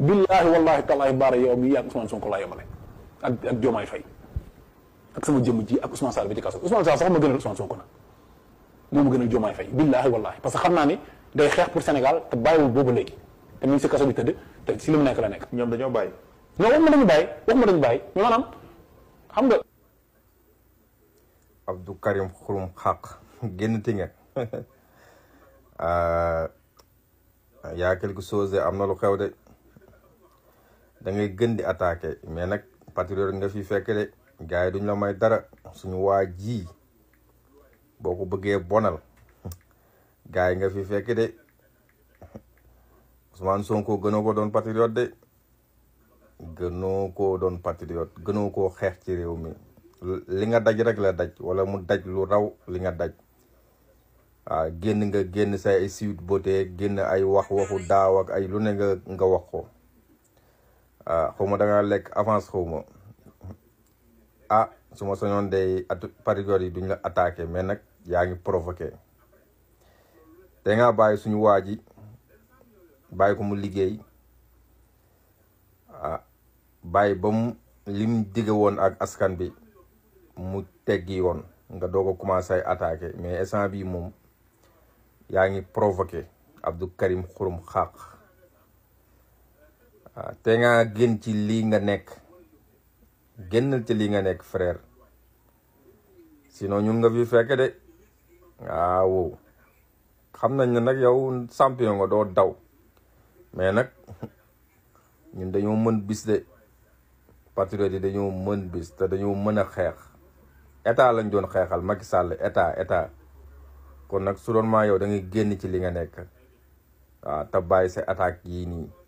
billaahi wallaahi tallaahi baara yow mi yaa ak Ousmane Sonko laa yemale ak ak Diomaye Faye ak sama jëmm ji ak Ousmane Sall bi ci kaso Ousmane Sall sax ma gënal Ousmane Sonko nag moo ma gënal Diomaye Faye que xam naa ni day xeex pour Sénégal boobu léegi te mu kaso bi tëdd te si li mu nekk la nekk. ñoom dañoo bàyyi. non wax ma dañu bàyyi wax ma dañu xam nga. Abdou Karim Xurum Xaq génn ti nga euh, yaa quelque chose am na lu xew de. da ngay gën di attaqué mais nak patriote nga fi fekk dé gaay duñ la may dara suñu waa boko bëggé bonal gaay nga fi fekk dé Ousmane Sonko gëno ko don patriote dé gëno ko don patriote gëno ko xex ci réew mi li nga daj rek la daj wala mu daj lu raw li nga daj a ah, genn nga genn say ay siwit bootee ay wax waxu daaw ak ay lu ne nga nga wax ko xaw ma da lekk avance xaw ma ah su ma sañoon at période yi duñ la attaqué mais nag yaa ngi provoqué da nga bàyyi suñu waa ji bàyyi ko mu liggéey ah bàyyi ba mu lim digge woon ak askan bi mu teggi woon nga doog a commencé ay attaqué mais instant bii moom yaa ngi provoqué Abdou Karim Xurum Xaq waaw ah, te nga génn ci lii nga nekk génnal ci lii nga nekk frère sinon ñun nga fi fekk de ah, waaw xam nañ ne nag yow champion nga doo daw mais nag ñun dañoo mën bis de patriote yi dañoo mën bis te dañoo mën a xeex état lañ doon xeexal Macky Sall état état kon nag su doon maa yow da génn ci li nga nekk waaw ah, te bàyyi sa attaque yii nii